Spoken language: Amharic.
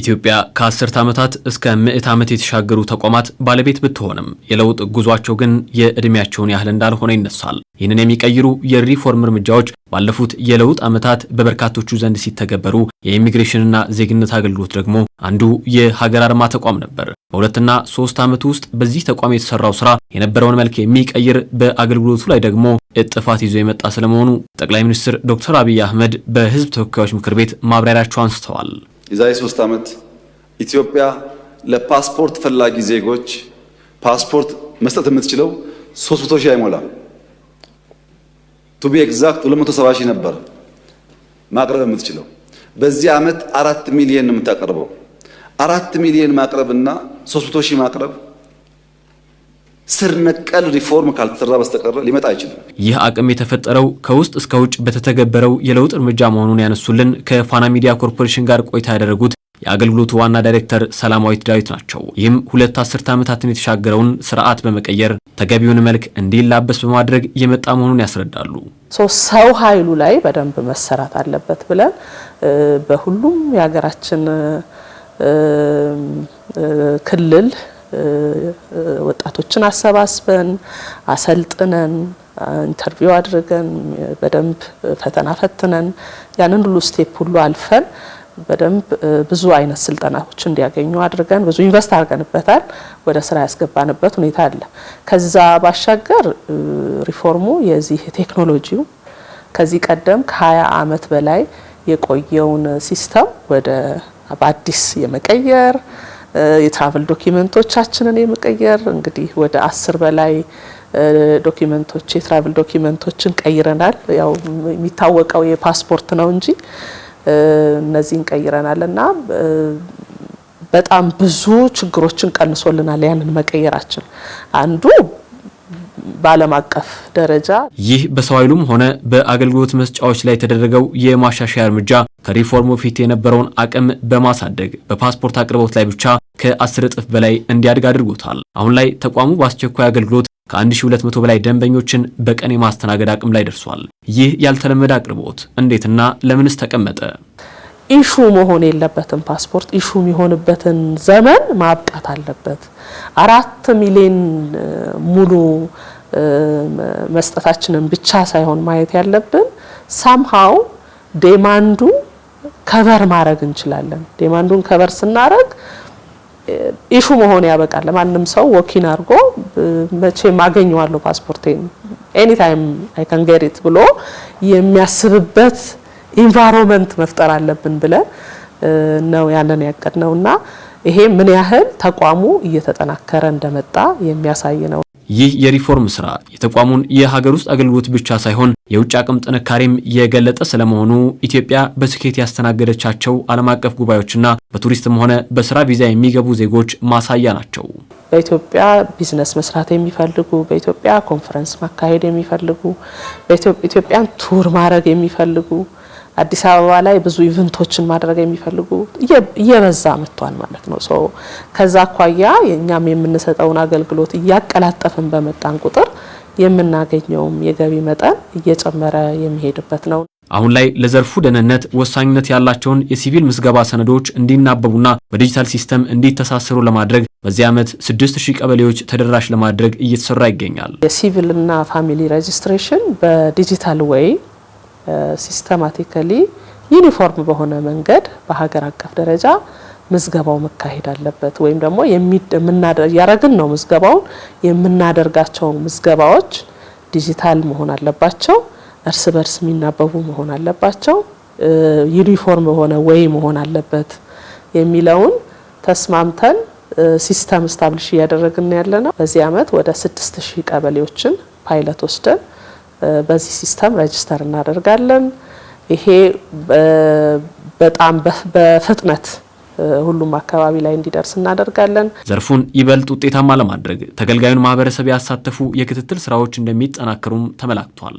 ኢትዮጵያ ከአስርተ ዓመታት እስከ ምዕት ዓመት የተሻገሩ ተቋማት ባለቤት ብትሆንም የለውጥ ጉዟቸው ግን የዕድሜያቸውን ያህል እንዳልሆነ ይነሳል። ይህንን የሚቀይሩ የሪፎርም እርምጃዎች ባለፉት የለውጥ ዓመታት በበርካቶቹ ዘንድ ሲተገበሩ፣ የኢሚግሬሽንና ዜግነት አገልግሎት ደግሞ አንዱ የሀገር አርማ ተቋም ነበር። በሁለትና ሶስት ዓመት ውስጥ በዚህ ተቋም የተሰራው ስራ የነበረውን መልክ የሚቀይር በአገልግሎቱ ላይ ደግሞ እጥፋት ይዞ የመጣ ስለመሆኑ ጠቅላይ ሚኒስትር ዶክተር አብይ አህመድ በህዝብ ተወካዮች ምክር ቤት ማብራሪያቸው አንስተዋል። የዛሬ ሶስት ዓመት ኢትዮጵያ ለፓስፖርት ፈላጊ ዜጎች ፓስፖርት መስጠት የምትችለው 300 ሺህ አይሞላም። ቱቢ ኤግዛክት 270 ሺህ ነበር ማቅረብ የምትችለው። በዚህ ዓመት አራት ሚሊየን ነው የምታቀርበው። አራት ሚሊየን ማቅረብና 300 ሺህ ማቅረብ ስር ነቀል ሪፎርም ካልተሰራ በስተቀረ ሊመጣ አይችልም። ይህ አቅም የተፈጠረው ከውስጥ እስከ ውጭ በተተገበረው የለውጥ እርምጃ መሆኑን ያነሱልን ከፋና ሚዲያ ኮርፖሬሽን ጋር ቆይታ ያደረጉት የአገልግሎቱ ዋና ዳይሬክተር ሰላማዊት ዳዊት ናቸው። ይህም ሁለት አስርተ ዓመታትን የተሻገረውን ስርዓት በመቀየር ተገቢውን መልክ እንዲላበስ በማድረግ የመጣ መሆኑን ያስረዳሉ። ሰው ኃይሉ ላይ በደንብ መሰራት አለበት ብለን በሁሉም የሀገራችን ክልል ወጣቶችን አሰባስበን አሰልጥነን ኢንተርቪው አድርገን በደንብ ፈተና ፈትነን ያንን ሁሉ ስቴፕ ሁሉ አልፈን በደንብ ብዙ አይነት ስልጠናዎች እንዲያገኙ አድርገን ብዙ ኢንቨስት አድርገንበታል። ወደ ስራ ያስገባንበት ሁኔታ አለ። ከዛ ባሻገር ሪፎርሙ የዚህ ቴክኖሎጂው ከዚህ ቀደም ከ20 ዓመት በላይ የቆየውን ሲስተም ወደ በአዲስ የመቀየር የትራቨል ዶኪመንቶቻችንን የመቀየር እንግዲህ ወደ አስር በላይ ዶኪመንቶች የትራቨል ዶኪመንቶችን ቀይረናል። ያው የሚታወቀው የፓስፖርት ነው እንጂ እነዚህን ቀይረናል እና በጣም ብዙ ችግሮችን ቀንሶልናል ያንን መቀየራችን አንዱ በዓለም አቀፍ ደረጃ ይህ በሰው ኃይሉም ሆነ በአገልግሎት መስጫዎች ላይ የተደረገው የማሻሻያ እርምጃ ከሪፎርሙ በፊት የነበረውን አቅም በማሳደግ በፓስፖርት አቅርቦት ላይ ብቻ ከ10 እጥፍ በላይ እንዲያድግ አድርጎታል። አሁን ላይ ተቋሙ በአስቸኳይ አገልግሎት ከ1200 በላይ ደንበኞችን በቀን የማስተናገድ አቅም ላይ ደርሷል። ይህ ያልተለመደ አቅርቦት እንዴትና ለምንስ ተቀመጠ? ኢሹ መሆን የለበትም። ፓስፖርት ኢሹ የሚሆንበትን ዘመን ማብቃት አለበት። አራት ሚሊዮን ሙሉ መስጠታችንን ብቻ ሳይሆን ማየት ያለብን ሳምሃው ዴማንዱ ከበር ማድረግ እንችላለን። ዴማንዱን ከበር ስናደረግ ኢሹ መሆን ያበቃል። ለማንም ሰው ወኪን አድርጎ መቼ ማገኘዋለሁ ፓስፖርቴን ኤኒ ታይም አይ ካን ጌት ኢት ብሎ የሚያስብበት ኢንቫይሮንመንት መፍጠር አለብን ብለን ነው ያንን ያቀድ ነው እና ይሄ ምን ያህል ተቋሙ እየተጠናከረ እንደመጣ የሚያሳይ ነው። ይህ የሪፎርም ስራ የተቋሙን የሀገር ውስጥ አገልግሎት ብቻ ሳይሆን የውጭ አቅም ጥንካሬም የገለጠ ስለመሆኑ ኢትዮጵያ በስኬት ያስተናገደቻቸው ዓለም አቀፍ ጉባኤዎችና በቱሪስትም ሆነ በስራ ቪዛ የሚገቡ ዜጎች ማሳያ ናቸው። በኢትዮጵያ ቢዝነስ መስራት የሚፈልጉ፣ በኢትዮጵያ ኮንፈረንስ ማካሄድ የሚፈልጉ፣ በኢትዮጵያን ቱር ማድረግ የሚፈልጉ አዲስ አበባ ላይ ብዙ ኢቨንቶችን ማድረግ የሚፈልጉ እየበዛ መጥቷል ማለት ነው። ሶ ከዛ አኳያ እኛም የምንሰጠውን አገልግሎት እያቀላጠፍን በመጣን ቁጥር የምናገኘውም የገቢ መጠን እየጨመረ የሚሄድበት ነው። አሁን ላይ ለዘርፉ ደህንነት ወሳኝነት ያላቸውን የሲቪል ምዝገባ ሰነዶች እንዲናበቡና በዲጂታል ሲስተም እንዲተሳሰሩ ለማድረግ በዚህ ዓመት 6000 ቀበሌዎች ተደራሽ ለማድረግ እየተሰራ ይገኛል። የሲቪልና ፋሚሊ ሬጅስትሬሽን በዲጂታል ዌይ ሲስተማቲካሊ ዩኒፎርም በሆነ መንገድ በሀገር አቀፍ ደረጃ ምዝገባው መካሄድ አለበት። ወይም ደግሞ እያረግን ነው ምዝገባውን የምናደርጋቸው ምዝገባዎች ዲጂታል መሆን አለባቸው። እርስ በርስ የሚናበቡ መሆን አለባቸው። ዩኒፎርም በሆነ ወይ መሆን አለበት የሚለውን ተስማምተን ሲስተም ስታብሊሽ እያደረግን ያለ ነው። በዚህ አመት ወደ ስድስት ሺህ ቀበሌዎችን ፓይለት ወስደን በዚህ ሲስተም ሬጅስተር እናደርጋለን። ይሄ በጣም በፍጥነት ሁሉም አካባቢ ላይ እንዲደርስ እናደርጋለን። ዘርፉን ይበልጥ ውጤታማ ለማድረግ ተገልጋዩን ማህበረሰብ ያሳተፉ የክትትል ስራዎች እንደሚጠናከሩም ተመላክቷል።